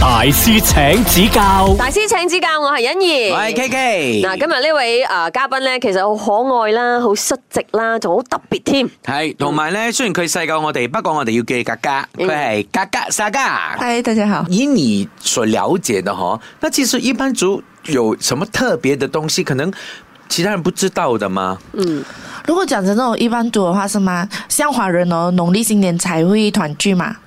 大師請指教，大師請指教，我係欣怡，我係 K K。嗱，今日呢位誒嘉賓咧，其實好可愛啦，好率直啦，仲好特別添。係、嗯，同埋咧，雖然佢細過我哋，不過我哋要叫格格，佢係格格沙加。係、嗯，大家好。欣怡所了解的哈，那其實伊班族有什麼特別的東西，可能其他人不知道的嗎？嗯，如果講到呢種伊班族嘅話，是嘛？像華人咯，農曆新年才會團聚嘛。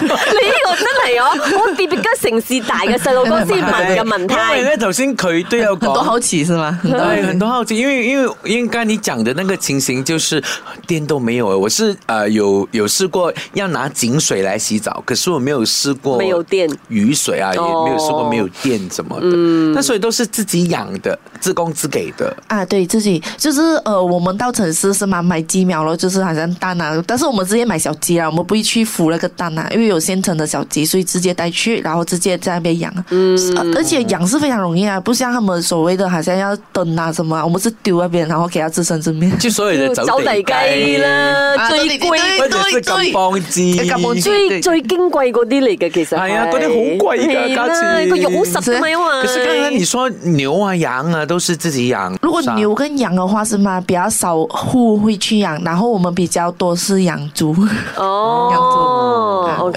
你呢個真係我，我特別跟城市大嘅細路哥之民嘅問題。因為咧頭先佢都有講好多好奇，係嘛？但係好多好奇，因為因為因為剛你講的那個情形，就是電都沒有啊。我是啊、呃、有有試過要拿井水來洗澡，可是我沒有試過。沒有電雨水啊，也沒有試過沒有電什麼的、哦、嗯。但所以都是自己養的，自供自給的。啊，對自己，就是誒、呃，我們到城市是嘛買雞苗咯，就是好像蛋啊。但是我們直接買小雞啊，我們不會去孵那個蛋啊，因為。有現成的小雞，所以直接帶去，然後直接在那邊養。嗯，而且養是非常容易啊，不像他們所謂的好像要等啊什麼。我們是丟一邊，然後給它自生自滅。就所有的走地雞啦，最貴，甘榜雞，最最最珍貴嗰啲嚟嘅其實。哎呀，嗰啲好貴噶，家雞，最油什麼沒完。可是剛剛你說牛啊羊啊都是自己養，如果牛跟羊的話是嗎？比較少戶會去養，然後我們比較多是養豬。哦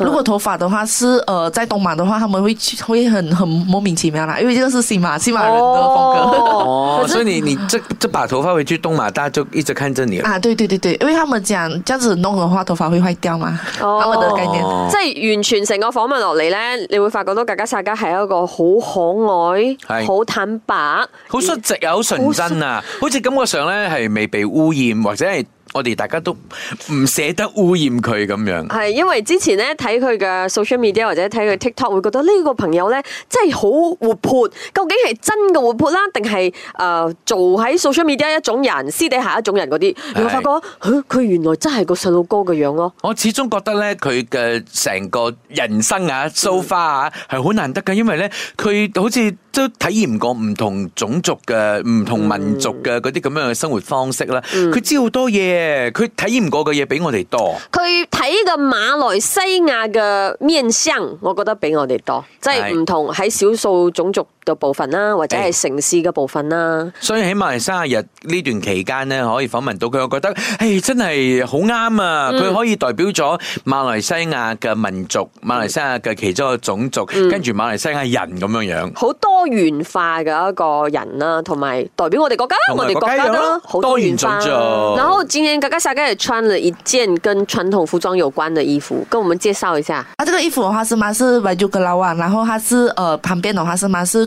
如果頭髮的話，是，呃，在東馬的話，他們會會很很莫名其妙啦，因為這是西馬西馬人的風格。哦， 是所以你你這這把頭髮回去東馬，大家就一直看着你了。啊，對對對對，因為他們這樣，這樣子弄的話，頭髮會壞掉嘛，哦、他們的概念。哦、即係完全成個訪問落嚟咧，你會發覺到格格薩迦係一個好可愛、好是坦白、好率直啊、好純真啊，好似感覺上咧係未被污染或者係。我哋大家都唔捨得污染佢咁樣，係因為之前咧睇佢嘅 social media 或者睇佢 TikTok，會覺得呢個朋友咧真係好活潑。究竟係真嘅活潑啦，定係、呃、做喺 social media 一種人，私底下一種人嗰啲？你會發覺佢佢是的 原來真係個細路哥嘅樣咯、哦。我始終覺得咧，佢嘅成個人生啊 so far 啊，係好難得㗎，因為咧佢好似。都體驗過唔同種族嘅唔同民族嘅嗰啲咁樣嘅生活方式啦，佢、嗯、知好多嘢，佢體驗過嘅嘢比我哋多。佢睇個馬來西亞嘅面相，我覺得比我哋多，即係唔同喺少是數種族。嘅部分啦，或者係城市嘅部分啦，欸、所以喺馬來西亞日呢段期間咧，可以訪問到佢，我覺得誒、欸、真係好啱啊！佢、嗯、可以代表咗馬來西亞嘅民族，馬來西亞嘅其中一個種族，嗯、跟住馬來西亞人咁樣樣好、嗯、多元化嘅一個人啦、啊，同埋代表我哋國家，我哋國家啦，好多元化。元然後今天格格小姐係穿了一件跟傳統服裝有關嘅衣服，跟我們介紹一下。啊，這個衣服嘅話是馬斯維 a j u k l a a 然後它是誒、呃，旁邊，嘅話是馬斯。